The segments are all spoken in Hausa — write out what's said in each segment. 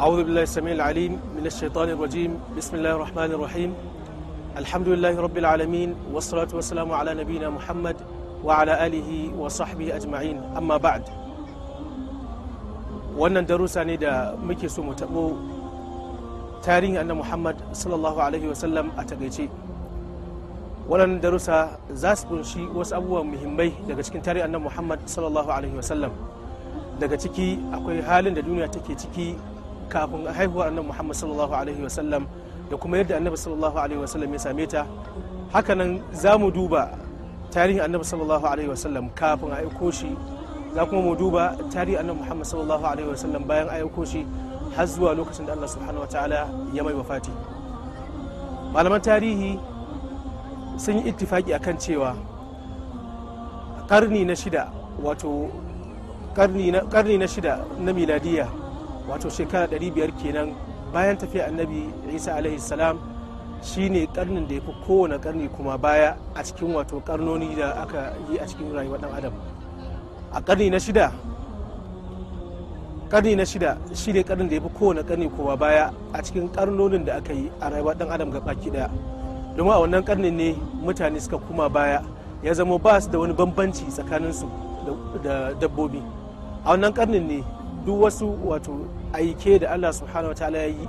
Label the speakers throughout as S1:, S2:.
S1: أعوذ بالله السميع العليم من الشيطان الرجيم بسم الله الرحمن الرحيم الحمد لله رب العالمين والصلاة والسلام على نبينا محمد وعلى آله وصحبه أجمعين أما بعد wannan darussa ne da muke so mu taɓo tarihin annan muhammad sallallahu alaihi wasallam a taƙaice Wannan darussa za su kunshi wasu abubuwan muhimmai daga cikin tarihin annan muhammad sallallahu alaihi wasallam daga ciki akwai halin da duniya take ciki kafin haihuwar annabi muhammad sallallahu alaihi wasallam da kuma yadda annabi sallallahu alaihi wasallam ya same ta hakanan za mu duba tarihin annabi sallallahu alaihi wasallam kafin a aiko shi za kuma mu duba tarihin annabi muhammad sallallahu alaihi wasallam bayan a aiko shi har zuwa lokacin da allah subhanahu wataala ya mai wafati malaman tarihi sun yi ittifaki akan cewa karni na shida wato karni na shida na miladiya wato shekara 500 kenan bayan tafiya annabi isa alaihi salam shine karnin da ya fi kowane karni kuma baya a cikin wato karnoni da aka yi a cikin rayuwar dan adam a karni na shida karni na shida shi ne karnin da ya fi kowane karni kuma baya a cikin karnonin da aka yi a rayuwar dan adam ga baki daya domin a wannan karnin ne mutane suka kuma baya ya zama ba su da wani bambanci tsakaninsu da dabbobi a wannan karnin ne duk wasu wato aike da Allah subhanahu wataala ya yi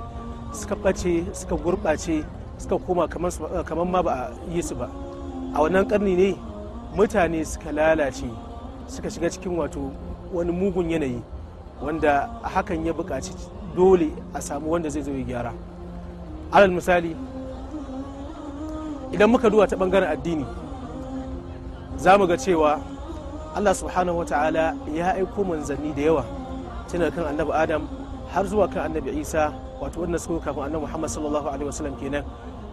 S1: suka ɓace suka gurɓace suka koma kamar ma ba a yi su ba a wannan ƙarni ne mutane suka lalace suka shiga cikin wato wani mugun yanayi wanda hakan ya buƙaci dole a samu wanda zai zo ya gyara alal misali idan muka duba ta ɓangaren addini za mu ga cewa allah subhanahu wa ta'ala ya aiko manzanni da yawa tana kan annabi adam har zuwa kan annabi isa wato wanda suka kafin annabi muhammad sallallahu alaihi wasallam kenan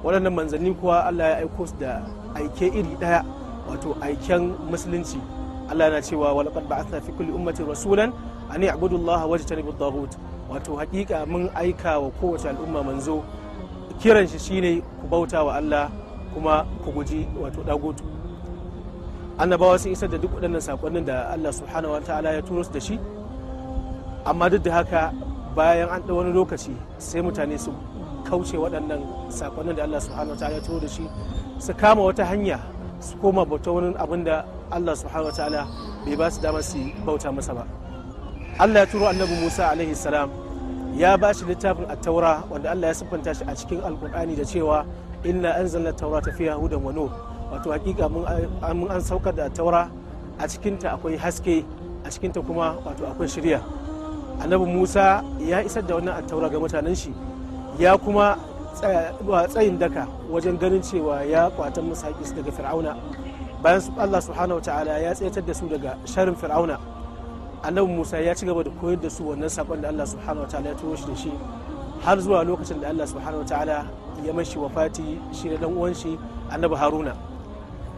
S1: waɗannan manzanni kuwa allah ya aiko su da aike iri ɗaya wato aiken musulunci allah na cewa walaqad ba'athna fi kulli ummatin rasulan an ya'budu ta wajtanibu at wato hakika mun aika wa kowace al'umma manzo kiran shi shine ku bauta wa allah kuma ku guji wato dagutu annabawa sun isar da duk waɗannan sakonnin da allah subhanahu wa ta'ala ya turo su da shi amma duk da haka bayan an ɗau wani lokaci sai mutane su kauce waɗannan sakonnin da Allah subhanahu ta'ala ya turo da shi su kama wata hanya su koma bauta wani abin da Allah subhanahu ta'ala bai ba su damar su bauta masa ba Allah ya turo annabi Musa alaihi salam ya ba shi littafin at-taura wanda Allah ya siffanta shi a cikin alkur'ani da cewa inna anzalna taura taurata fiha hudan wa wato hakika mun an saukar da taura a cikinta akwai haske a cikinta kuma wato akwai shirya annabi musa ya isar da wannan attaura ga mutanen shi ya kuma tsayin daka wajen ganin cewa ya kwatan musa haƙis daga fir'auna bayan su allah subhanahu wa ta'ala ya tsayatar da su daga sharin fir'auna annabi musa ya ci gaba da koyar da su wannan saƙon da allah subhanahu wa ta'ala ya turo shi da shi har zuwa lokacin da allah subhanahu wa ta'ala ya mashi wafati shi da dan uwan shi annabi haruna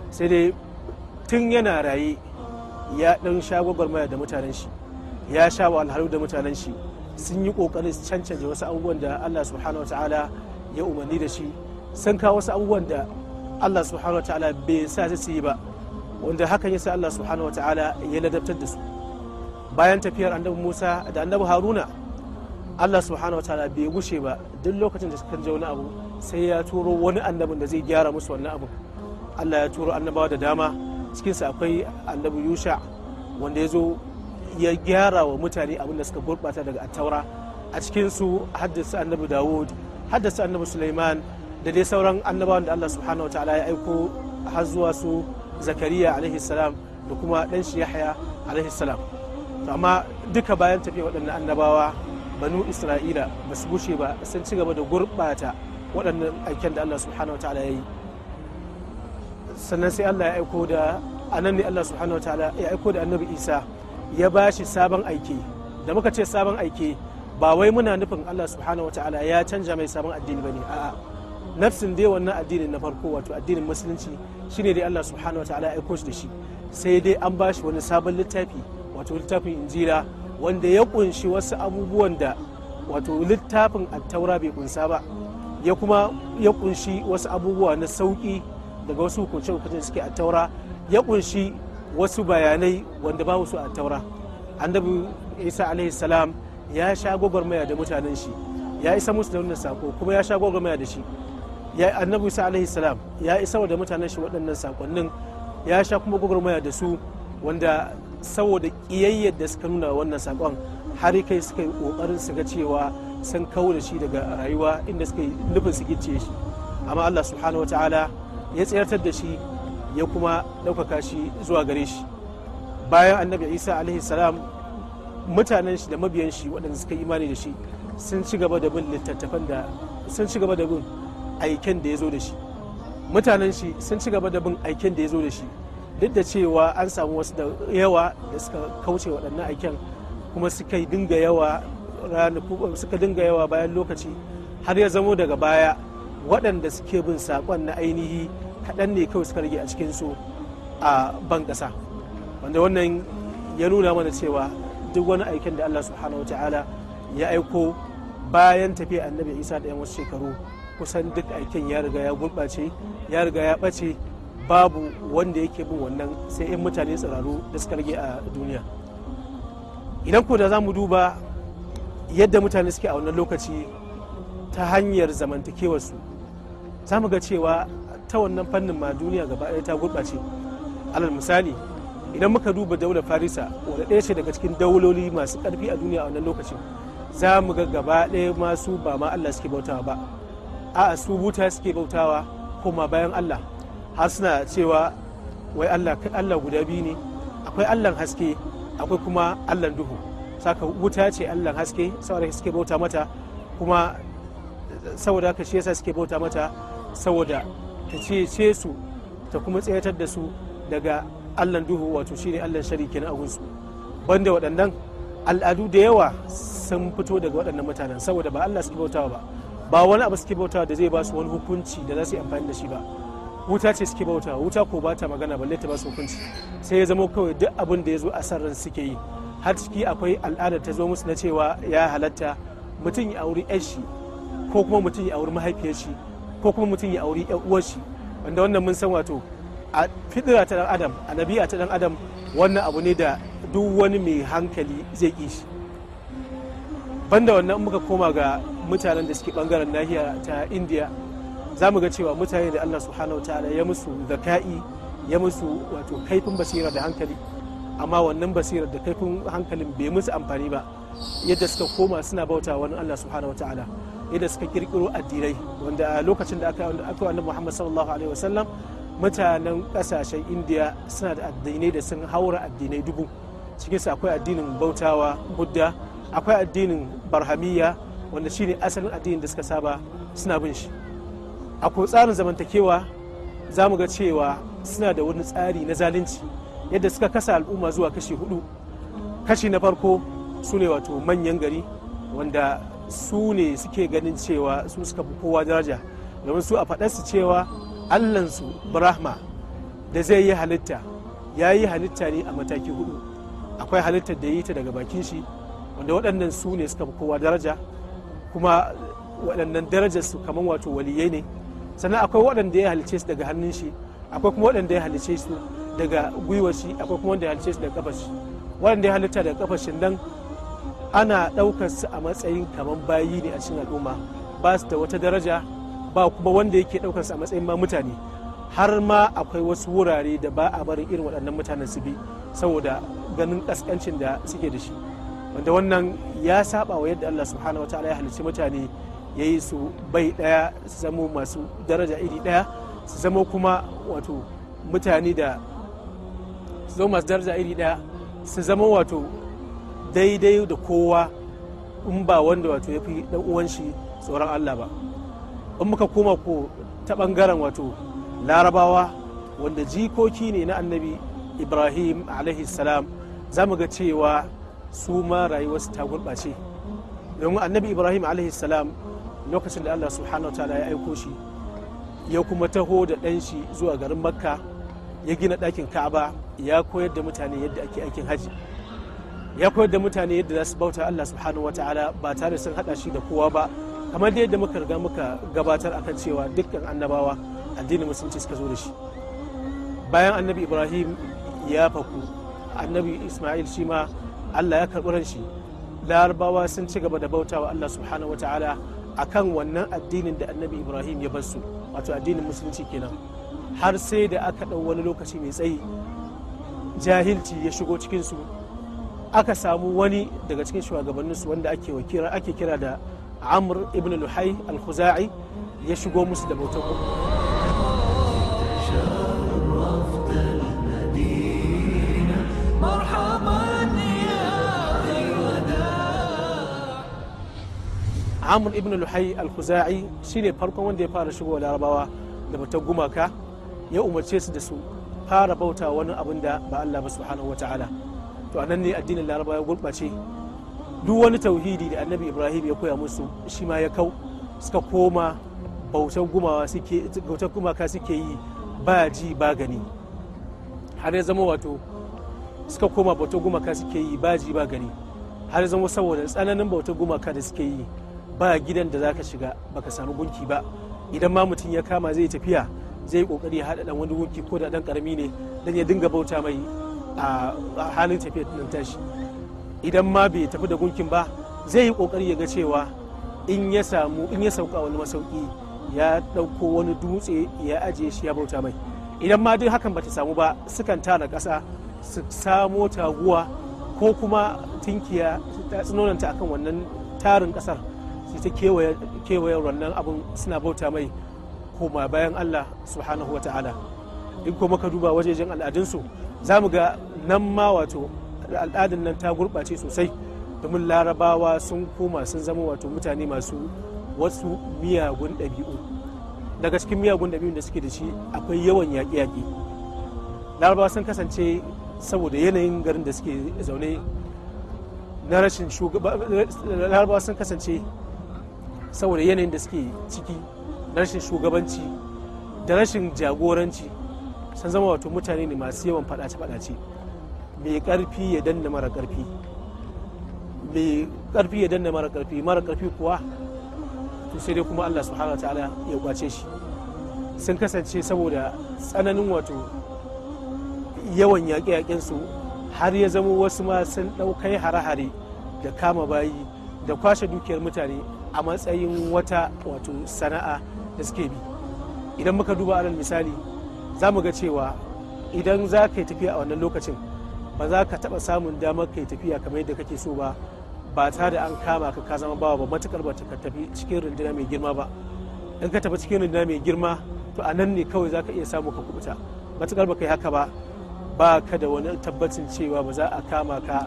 S1: sai dai tun yana raye ya dan sha gwagwarmaya da mutanen shi ya sha wa alhalu da mutanen shi sun yi kokarin cancanta wasu abubuwan da Allah subhanahu wata'ala ya umarni da shi sun kawo wasu abubuwan da Allah subhanahu wata'ala bai sa su yi ba wanda hakan yasa Allah subhanahu wata'ala ya ladabtar da su bayan tafiyar annabi Musa da annabi Haruna Allah subhanahu wata'ala bai gushe ba duk lokacin da suka jauna abu sai ya turo wani annabin da zai gyara musu wannan abu Allah ya turo annabawa da dama cikinsa akwai annabi Yusha wanda ya zo ya gyara wa mutane abin da suka gurɓata daga attaura a cikinsu haddasa annabi dawud haddasa annabi suleiman da dai sauran annabawan da allah subhanahu wa ta'ala ya aiko har zuwa su zakariya alaihi salam da kuma ɗan shi yahya alaihi salam amma duka bayan tafiya waɗannan annabawa banu isra'ila ba su bushe ba sun ci gaba da gurɓata waɗannan aiken da allah subhanahu wa ta'ala ya yi sannan sai allah ya aiko da anan allah subhanahu wa ta'ala ya aiko da annabi isa ya ba shi sabon aiki da muka ce sabon aiki ba wai muna nufin Allah subhanahu wataala ya canja mai sabon addini bane a'a nafsin dai wannan addinin na farko wato addinin musulunci shine dai Allah subhanahu wataala ya aiko shi da shi sai dai an ba shi wani sabon littafi wato littafin injira wanda ya kunshi wasu abubuwan da wato littafin attaura bai kunsa ba ya kuma ya kunshi wasu abubuwa na sauki daga wasu hukunce hukunce suke attaura ya kunshi wasu bayanai wanda ba su a taura annabi isa alaihi salam ya sha gwagwarmaya da mutanen shi ya isa musu da wannan sako kuma ya sha gwagwarmaya da shi ya annabi isa alaihi salam ya isa da mutanen shi waɗannan sakonnin ya sha kuma gwagwarmaya da su wanda saboda kiyayyar da suka nuna wannan sakon har kai suka yi kokarin su ga cewa sun kawo da shi daga rayuwa inda suka yi nufin su gicce shi amma Allah subhanahu wataala ya tsayartar da shi ya kuma ɗaukaka shi zuwa gare shi bayan annabi isa alaihi salam mutanen shi da mabiyan shi waɗanda suka imani da shi sun ci gaba da bin littattafan da sun ci gaba da bin aiken da ya zo da shi mutanen shi sun ci gaba da bin aiken da ya zo da shi duk da cewa an samu wasu da yawa da suka kauce waɗannan aiken kuma suka dinga yawa suka dinga yawa bayan lokaci har ya zamo daga baya waɗanda suke bin saƙon na ainihi kaɗan ne kawai suka rage a cikinsu a ban ƙasa wanda wannan ya nuna mana cewa duk wani aikin da allah subhanahu ta'ala ya aiko bayan tafiya annabi isa da yan wasu shekaru kusan duk aikin ya riga ya gurɓace ya riga ya ɓace babu wanda yake bin wannan sai in mutane tsiraru da suka rage a duniya idan ko da za mu duba yadda mutane suke a wannan lokaci ta hanyar zamantakewarsu za mu ga cewa ta wannan fannin ma duniya gaba ɗaya ta gurɓace alal misali idan muka duba daular farisa wadda ɗaya ce daga cikin dauloli masu ƙarfi a duniya a wannan lokacin za mu ga gaba ɗaya masu ba ma allah suke bautawa ba a su buta suke bautawa kuma bayan allah har suna cewa wai allah allah guda biyu ne akwai allah haske akwai kuma allah duhu saka wuta ce allah haske saboda suke bauta mata kuma saboda haka shi yasa suke bauta mata saboda ta cece su ta kuma tsayatar da su daga allan duhu wato shine allan shari kenan a banda waɗannan al'adu da yawa sun fito daga waɗannan mutanen saboda ba allah suke bautawa ba ba wani abu suke bautawa da zai ba su wani hukunci da za su yi amfani da shi ba wuta ce suke bautawa wuta ko ba ta magana balle ta ba su hukunci sai ya zama kawai duk abin da ya zo a ran suke yi har ciki akwai al'ada ta zo musu na cewa ya halatta mutum ya auri 'yan shi ko kuma mutum ya auri mahaifiyar shi ko kuma mutum ya auri yan uwar shi wanda wannan mun san wato a fidira ta dan adam a nabi'a ta dan adam wannan abu ne da duk wani mai hankali zai ki shi banda wannan muka koma ga mutanen da suke bangaren nahiya ta indiya za mu ga cewa mutane da allah subhanahu wa ta'ala ya musu zaka'i ya musu wato kaifin basira da hankali amma wannan basirar da kaifin hankalin bai musu amfani ba yadda suka koma suna bauta wani allah subhanahu wa ta'ala yadda suka kirkiro addinai wanda lokacin da aka aka wanda Muhammad sallallahu alaihi wasallam mutanen kasashen Indiya suna da addinai da sun haura addinai dubu cikin su akwai addinin bautawa Buddha akwai addinin Barhamiya wanda shine asalin addinin da suka saba suna bin shi akwai tsarin zamantakewa za mu ga cewa suna da wani tsari na zalunci yadda suka kasa al'umma zuwa kashi hudu kashi na farko su ne wato manyan gari wanda su ne suke ganin cewa su suka fi kowa daraja domin su a faɗarsu cewa allansu brahma da zai yi halitta ya yi halitta ne a mataki hudu akwai halittar da yi ta daga bakin shi wanda waɗannan su ne suka fi kowa daraja kuma waɗannan su kamar wato waliyai ne sannan akwai waɗanda ya halice su daga hannun shi akwai kuma waɗanda ya halice su daga gwiwar shi akwai kuma wanda ya halice su daga kafar shi waɗanda ya halitta daga kafar shi nan ana ɗaukar su a matsayin kamar bayi ne a cikin al'umma ba su da wata daraja ba kuma wanda yake ɗaukar su a matsayin ma mutane har ma akwai wasu wurare da ba a barin irin waɗannan mutanen su bi saboda ganin ƙasƙancin da suke da shi wanda wannan ya saba wa yadda Allah subhanahu wataala ya halicci mutane ya yi su bai ɗaya su zamo masu daraja iri ɗaya su zamo kuma wato mutane da su zama masu daraja iri ɗaya su zama wato daidai da kowa in ba wanda wato ya fi uwan shi tsoron Allah ba in muka koma ko ta bangaren wato larabawa wanda jikoki ne na annabi ibrahim alaihi salam za mu ga cewa su ma rayuwarsu ta gurɓace domin annabi ibrahim alaihi salam lokacin da allah subhanahu wa ta'ala ya aiko shi ya kuma taho da ɗan shi zuwa garin makka ya gina ɗakin ka'aba ya koyar da mutane yadda ake aikin haji ya koyar da mutane yadda za su bauta Allah subhanahu wataala ba tare sun hada shi da kowa ba kamar da yadda muka riga muka gabatar akan cewa dukkan annabawa addinin musulunci suka zo da shi bayan annabi ibrahim ya faku annabi isma'il shi ma Allah ya karɓi ran shi larabawa sun ci gaba da bautawa Allah subhanahu wataala akan wannan addinin da annabi ibrahim ya bar su wato addinin musulunci kenan har sai da aka ɗau wani lokaci mai tsayi jahilci ya shigo cikinsu aka samu wani daga cikin shugabanninsu wanda ake wakira ake kira da amr ibn luhai al-khuzai ya shigo musu da bautar amr ibn luhai al-khuzai shine farkon wanda ya fara shigo larabawa da bautar gumaka ya umarce su da su fara bauta wani abin da ba Allah ba subhanahu wa ta'ala to a nan ne addinin laraba ya gurɓace duk wani tauhidi da annabi ibrahim ya koya musu shi ma ya kau suka koma bautar gumaka suke yi ba ji ba gani har ya zama wato suka koma bautar gumaka suke yi ba ji ba gani har ya zama saboda tsananin bautar gumaka da suke yi ba gidan da zaka shiga baka samu gunki ba idan ma mutum ya kama zai tafiya zai kokari ya haɗa dan wani gunki ko da dan karami ne dan ya dinga bauta mai a halin tafiyar nan tashi idan ma bai tafi da gunkin ba zai yi kokari ya ga cewa in ya samu in ya sauka wani masauki ya ɗauko wani dutse ya ajiye shi ya bauta mai idan ma duk hakan bata samu ba sukan tara kasa su samo taguwa ko kuma tinkiya ta tsinonanta akan wannan tarin kasar su ta kewaye wannan abin suna bauta mai koma bayan allah subhanahu wa ta'ala in kuma ka duba wajejen al'adunsu za mu ga nan ma wato al'adun nan ta gurɓace sosai domin larabawa sun koma sun zama wato mutane masu wasu miyagun ɗabi'u daga cikin miyagun ɗabi'un da suke da shi akwai yawan yaƙe-yaƙe larabawa sun kasance saboda yanayin garin da suke zaune na rashin larabawa sun kasance saboda yanayin da suke ciki na rashin shugabanci da rashin jagoranci sun zama wato mutane ne masu yawan faɗace-faɗace mai ƙarfi ya danna mara ƙarfi mai ƙarfi ya danna mara ƙarfi mara ƙarfi kuwa to sai dai kuma Allah subhanahu ta'ala ya kwace shi sun kasance saboda tsananin wato yawan yaƙe su har ya zama wasu ma sun ɗaukai hare-hare da kama bayi da kwashe dukiyar mutane a matsayin wata wato sana'a da suke bi idan muka duba alal misali za mu ga cewa idan za ka yi tafiya a wannan lokacin ba za ka taɓa samun damar ka yi tafiya kamar yadda kake so ba ba tare da an kama ka ka zama bawa ba matukar ba ka tafi cikin runduna mai girma ba in ka tafi cikin runduna mai girma to a nan ne kawai za ka iya samu ka kubuta matukar ba ka yi haka ba ba ka da wani tabbacin cewa ba za a kama ka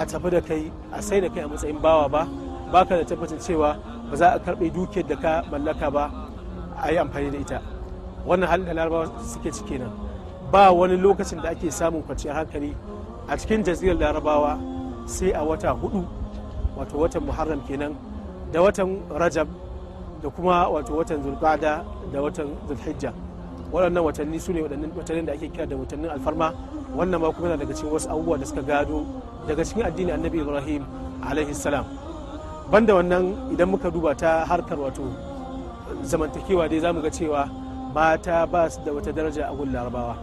S1: a tafi da kai a sai da kai a matsayin bawa ba ba ka da tabbacin cewa ba za a karɓe dukiyar da ka mallaka ba a yi amfani da ita wannan halin da larabawa suke ciki nan ba wani lokacin da ake samun kwanciyar hankali a cikin jazirar larabawa sai a wata hudu wato watan muharram kenan da watan rajab da kuma wato watan zulqa'da da watan zulhijja waɗannan watanni su ne watannin da ake kira da watannin alfarma wannan ma kuma yana daga cikin wasu abubuwa da suka gado daga cikin addini annabi ibrahim alaihi salam banda wannan idan muka duba ta harkar wato zamantakewa dai zamu ga cewa mata ba su da wata daraja a gun larabawa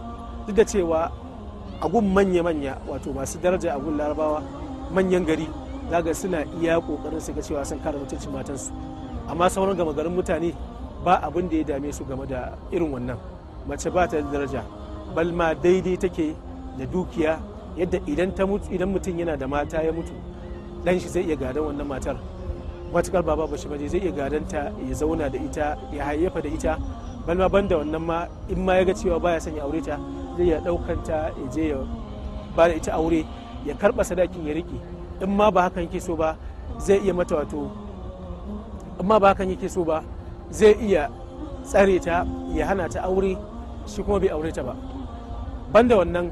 S1: duk da cewa a gun manya-manya wato masu daraja a gun larabawa manyan gari zaga suna iya kokarin su ga cewa sun kare mutuncin matansu amma sauran gama garin mutane ba abin da ya dame su game da irin wannan mace ba ta da daraja balma daidai take da dukiya yadda idan ta mutu idan mutum yana da mata ya mutu dan shi zai iya gadon wannan matar matukar baba shi baje zai iya gadon ta ya zauna da ita ya hayyafa da ita ban ma wannan ma in ma ya ga cewa baya son ya aure ta zai ya ɗaukan ta ya je ya ba da ita aure ya karɓa sadakin ya rike in ma ba hakan yake so ba zai iya mata wato in ma ba hakan yake so ba zai iya tsare ta ya hana ta aure shi kuma bai aure ta ba banda wannan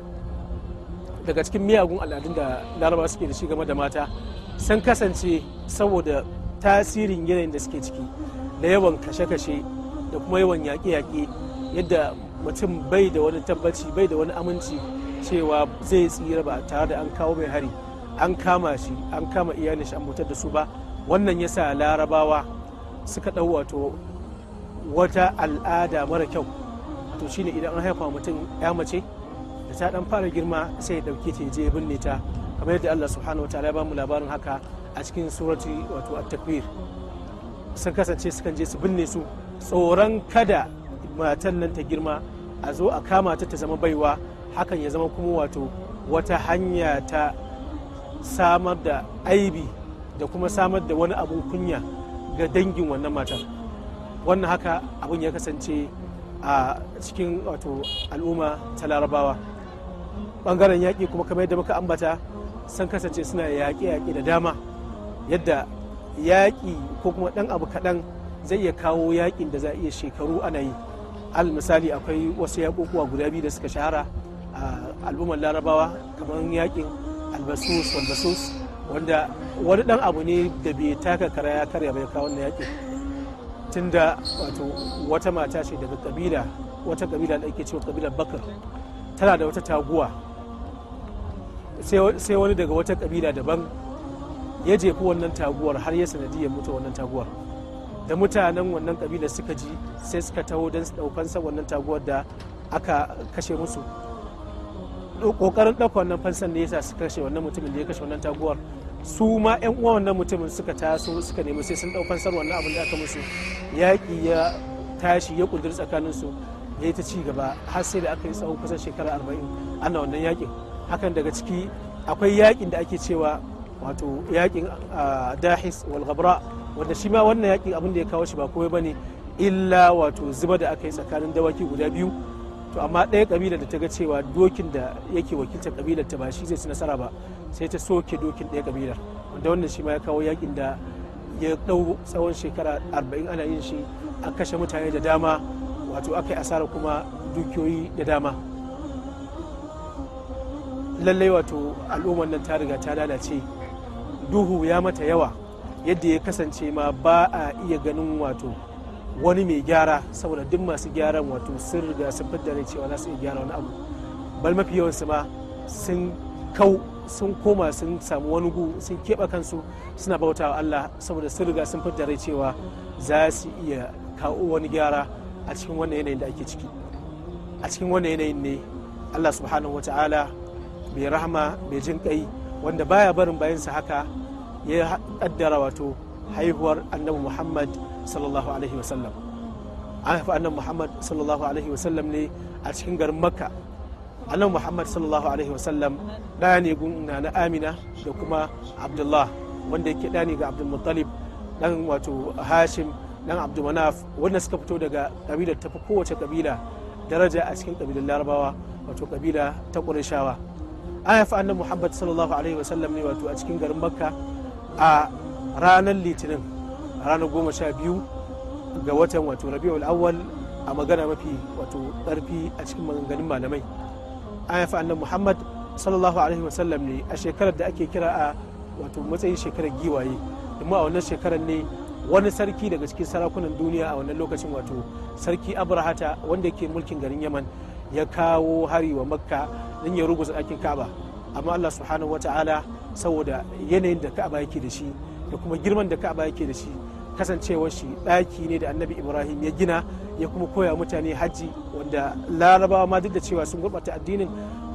S1: daga cikin miyagun al'adun da laraba suke da shi game da mata sun kasance saboda tasirin yanayin da suke ciki da yawan kashe-kashe da kuma yawan yaƙe-yaƙe yadda mutum bai da wani tabbaci bai da wani aminci cewa zai tsira ba tare da an kawo mai hari an kama shi an kama iyalin shi an mutar da su ba wannan ya sa larabawa suka ɗau wato wata al'ada mara kyau to shine idan an haifa mutum ya mace da ta dan fara girma sai ya ɗauke ta je binne ta kamar yadda Allah subhanahu wa ta'ala ya bamu labarin haka a cikin surati wato at-takwir sun kasance sukan je su binne su tsoron kada matan nan ta girma a zo a kama ta ta zama baiwa hakan ya zama kuma wato wata hanya ta samar da aibi da kuma samar da wani abun kunya ga dangin wannan matan wannan haka abun ya kasance a cikin wato al'umma ta larabawa bangaren yaƙi kuma kamar yadda muka ambata sun kasance suna yaƙe-yaƙe da dama yadda yaƙi ko kuma ɗan abu kaɗan zai iya kawo yakin da za a iya shekaru ana yi al misali akwai wasu yaƙoƙuwa guda biyu da suka shahara a al'ummar larabawa kamar yakin albasus albasus wanda wani dan abu ne da bai taka kara ya karya bai kawo wannan yakin tunda wato wata mata ce daga kabila wata kabila da ake cewa kabilar bakar tana da wata taguwa sai wani daga wata kabila daban ya jefi wannan taguwar har ya sanadiyar mutu wannan taguwar da mutanen wannan kabilar suka ji sai suka taho don su ɗaukansa wannan taguwar da aka kashe musu kokarin ɗauka wannan fansan ne yasa suka kashe wannan mutumin da ya kashe wannan taguwar su ma yan uwa wannan mutumin suka taso suka nemi sai sun ɗaukan sar wannan abin da aka musu yaƙi ya tashi ya ƙudiri tsakanin su ya yi ta ci gaba har sai da aka yi tsawon kusan shekara arba'in ana wannan yaƙin hakan daga ciki akwai yaƙin da ake cewa wato yaƙin ah, dahis wal ghabra wanda shi ma wannan yakin abin da ya kawo shi ba komai bane illa wato zuba da aka yi tsakanin dawaki guda biyu to amma ɗaya ƙabila da ta ga cewa dokin da yake wakilta kabilar ta ba shi zai ci nasara ba sai ta soke dokin ɗaya ƙabilar wanda wannan shi ma ya kawo yakin da ya ɗau tsawon shekara arba'in ana yin shi an kashe mutane da dama wato aka yi asara kuma dukiyoyi da dama lallai wato al'ummar nan ta riga ta lalace duhu ya mata yawa yadda ya kasance ma ba a iya ganin wato wani mai gyara saboda duk masu gyaran wato sun riga sun fidda ne cewa su iya gyara wani abu bal mafi yawansu ma sun kau sun koma sun samu wani gu sun keɓe kansu suna bautawa Allah saboda sun riga sun fidda rai cewa za su iya kawo wani gyara a cikin wannan yanayin da ake ciki a cikin wannan yanayin ne Allah subhanahu wa ta'ala bai rahama bai jin kai wanda baya barin bayansa haka ya kaddara wato haihuwar annabi muhammad sallallahu alaihi wasallam an haifi annabi muhammad sallallahu alaihi wasallam ne a cikin garin makka annabi muhammad sallallahu alaihi wasallam ɗaya ne gunna na amina da kuma abdullah wanda yake ɗaya ne ga abdulmuttalib dan wato hashim ɗan abdulmanaf wanda suka fito daga kabilar tafi kowace ƙabila daraja a cikin kabilar larabawa wato ƙabila ta ƙurashawa an haifi annabi muhammad sallallahu alaihi wasallam ne wato a cikin garin makka a ranar litinin a ranar goma sha biyu ga watan wato rabi'ul awwal a magana mafi wato ƙarfi a cikin maganganun malamai an haifi annan muhammad sallallahu alaihi wasallam ne a shekarar da ake kira a wato matsayin shekarar giwaye amma a wannan shekarar ne wani sarki daga cikin sarakunan duniya a wannan lokacin wato sarki abrahata wanda ke mulkin garin yaman ya kawo hari wa makka don ya ruguza ɗakin kaba amma allah subhanahu ta'ala. saboda yanayin da ka'aba yake da shi da kuma girman da ka'aba yake da shi kasancewar shi ɗaki ne da annabi ibrahim ya gina ya kuma koya mutane hajji wanda larabawa ma duk da cewa sun gurɓata addinin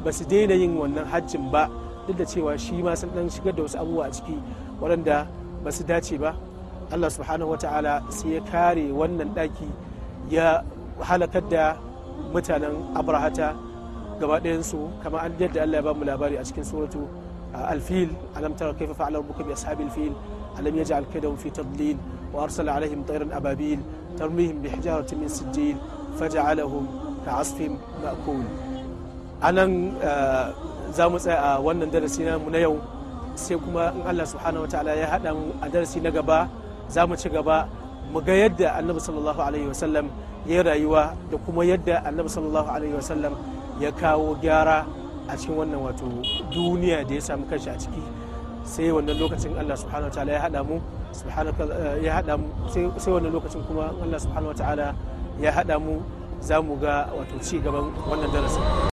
S1: ba su daina yin wannan hajjin ba duk da cewa shi ma sun ɗan shigar da wasu abubuwa a ciki waɗanda ba su dace ba allah subhanahu wa ta'ala sai ya kare wannan ɗaki ya halakar da mutanen abrahata gaba ɗayansu kamar yadda allah ya ba mu labari a cikin suratu الفيل ألم ترى كيف فعل ربك بأصحاب الفيل ألم يجعل كيدهم في تضليل وأرسل عليهم طيرا أبابيل ترميهم بحجارة من سجيل فجعلهم كعصف مأكول anan za mu tsaya a wannan darasi mu na yau sai kuma in Allah subhanahu wataala ya haɗa mu a darasi na gaba za mu ci gaba mu ga yadda annabi sallallahu ya yi rayuwa da kuma yadda annabi sallallahu ya kawo gyara a cikin wannan wato duniya da ya samu kanshi a ciki sai wannan lokacin Allah subhanahu ta'ala ya hada mu ya hada mu sai wannan lokacin kuma Allah subhanahu ta'ala ya hada mu za mu ga wato ci gaban wannan darasin